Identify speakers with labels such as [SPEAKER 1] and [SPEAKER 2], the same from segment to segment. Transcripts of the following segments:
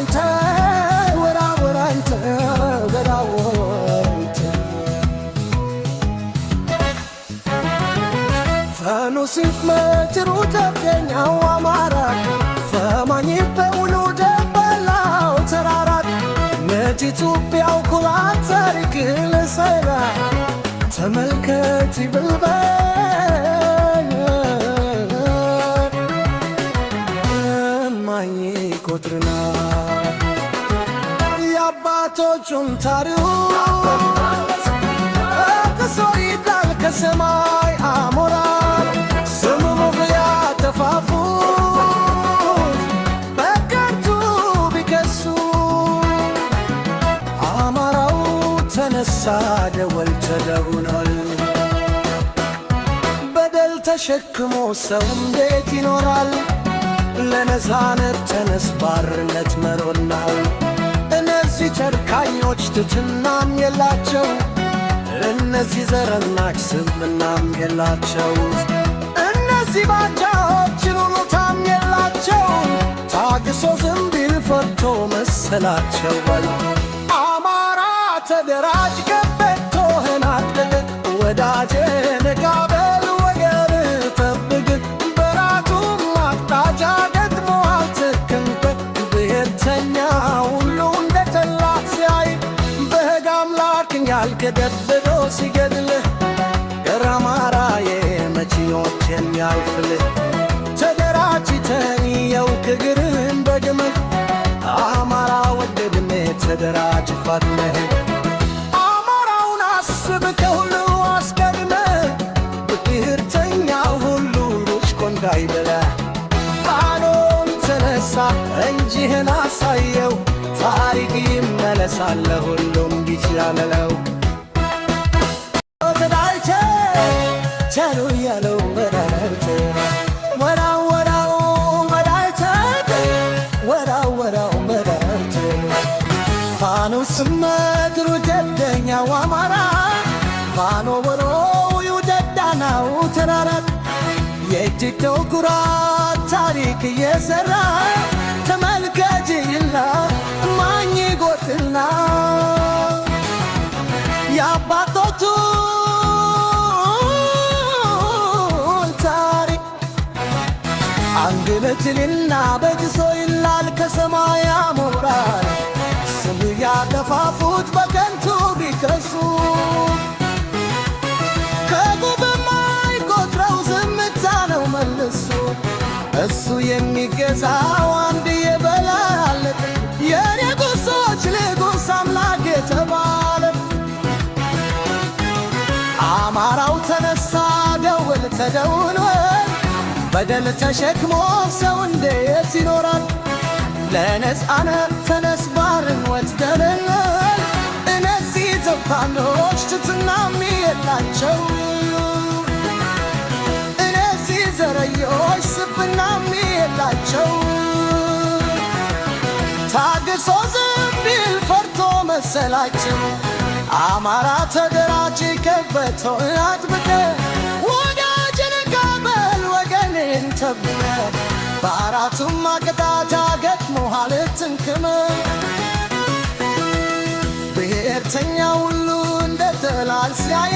[SPEAKER 1] ወራንተ ወራ ወራንተ ወራ ወራንተ ፈኑሲፍ መትሩ ተገኛው አማራ ፈማኝ በውሉ ደበላው ተራራት ነጭ ኢትዮጵያው ኩራት ታሪክ ልሰራ ተመልከት ይብልበኝ እማዬ ቆጥርና የአባቶቹን ታሪክ ከሰው ይላል ከሰማይ አሞራ ስሙ ሞገያ ተፋፉ በከንቱ ቢከሱ አማራው ተነሳ ደወል ተደውኗል በደል ተሸክሞ ሰው እንዴት ይኖራል? ለነፃነት ተነስ ባርነት መሮናል ጨካኞች ትትናም የላቸው እነዚህ ዘረናች ስምናም የላቸው እነዚህ ባጃዎች ችሎታም የላቸው ታግሶ ዝንቢል ፈርቶ መሰላቸው በል አማራ ተደራጅ ገበቶ ህናት ወዳጄ መልክ ደብሎ ሲገድልህ ገራማራዬ መቼዎች የሚያልፍልህ ተደራጅተን የውክ እግርህን በግመህ አማራ ወደድሜ ተደራጅ ፋትመህ አማራውን አስብ ከሁሉ አስቀድመ ብትህርተኛው ሁሉ ሩጭ ቆንዳ ይበለ ፋኖም ተነሳ እንጂህን አሳየው ታሪክ ይመለሳል ለሁሉም ጊዜ ያለለው ፋኖ ስመት ደደኛው አማራ ባኖ ወሮው ይውደዳናው ተራራት የእጅደው ጉራ ታሪክ እየሠራ ተመልከጅላ ማኝ ጎትልና የአባቶቱ ታሪክ አንድ በትልና በጅሶይ ቢያለፋፉት በከንቱ ቢከሱ ከጉብ የማይቆጥረው ዝምታ ነው መልሱ። እሱ የሚገዛው አንድዬ በላለ የኔ ጉሶች ልጉስ አምላክ የተባለ አማራው ተነሳ ደውል ተደውሎ በደል ተሸክሞ ሰው እንዴት ይኖራል? ለነፃነ ተነስ ባርን ወትደለል እነዚህ ዘፋኖች ትትናሚ የላቸው እነዚህ ዘረዮች ስብናም የላቸው ታግሶ ዝም ፈርቶ መሰላቸው አማራ ተደራጅ ከበተው አጥብቀ ወዳጅን ቀበል ወገንን ተብለ በአራቱም አቅጣጫ ገጥሞሃል ትንክም ብሔርተኛ ሁሉ እንደ ጠላት ሲያይ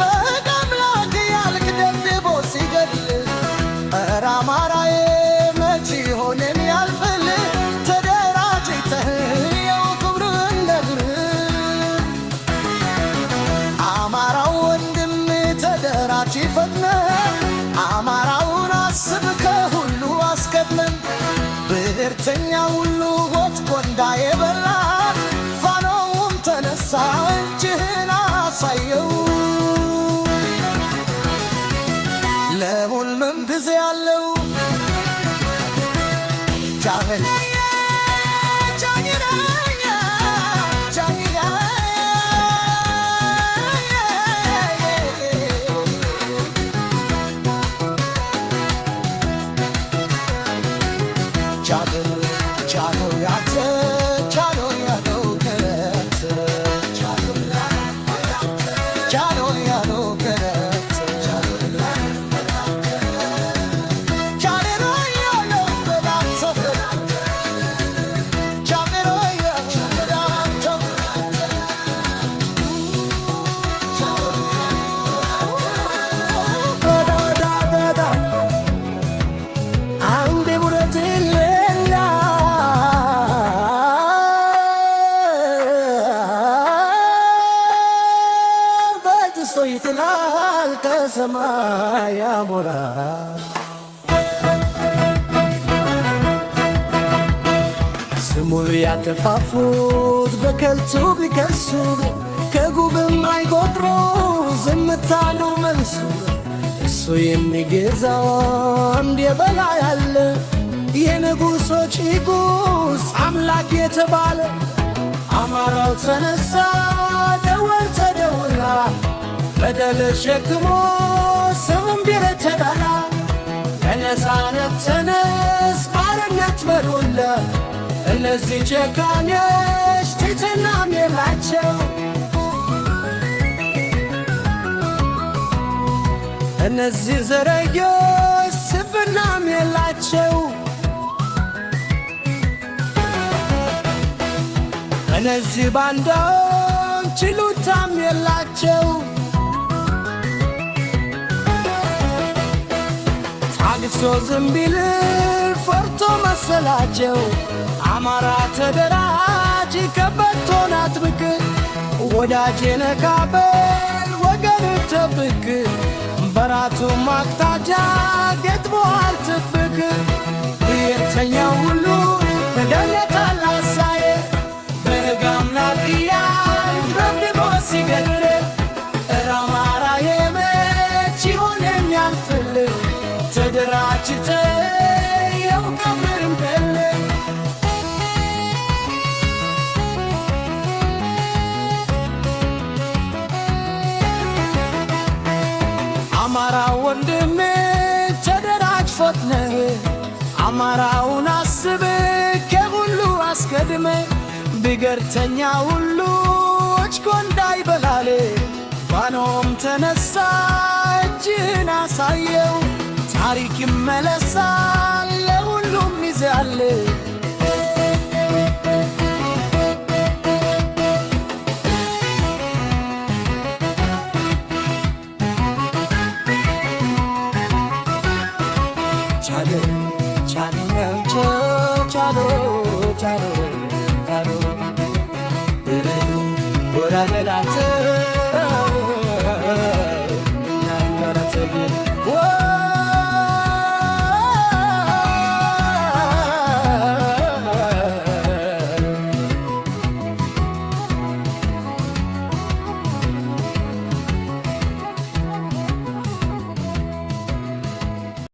[SPEAKER 1] በቃም ላክ ያልክ ደብድቦ ሲገድል እረ አማራዬ መች ይሆን የሚያልፍል ተደራጅተህ የው ክብርን ነግር አማራው ወንድም ተደራጅ saiu escucharon. አንስቶ ይጥላል ከሰማይ አሞራ ስሙን ያጠፋፉት በከንቱ ቢከሱ ከጉብም አይቆጥሮ ዝምታ ነው መልሱ። እሱ የሚገዛው አንድ የበላይ አለ የንጉሶች ንጉሥ አምላክ የተባለ አማራው ተነሳ ደወል ተደውላ በደል ሸክሞ ስምም ቢረተዳላ ለነፃነት ተነስ ባርነት በሉለ እነዚህ ጨካኞች ትሕትናም የላቸው እነዚህ ዘረኞች ስብናም የላቸው እነዚህ ባንዳዎች ችሎታም የላቸው ልቅሶ ዝም ቢል ፈርቶ መሰላቸው አማራ ተደራጅ ከበቶናት ብቅ ወዳጅ ነካበል ወገን ተብክ በራቱ ማቅታጃ ጌት በኋል ትብክ ብሔርተኛው ሁሉ እንደነታላ ሳየ በህጋምና ጥያይ ረብድቦ ሲገድር እረ የመች ይሆን የሚያልፍ አማራ ወንድሜ ተደራጅ ፎትነህ አማራውን አስብ ከሁሉ አስቀድመ ብገርተኛ ሁሉ እጅኮንዳ ይበላል ፋኖም ተነሳ እጅን አሳየው 자네 자네 저 자네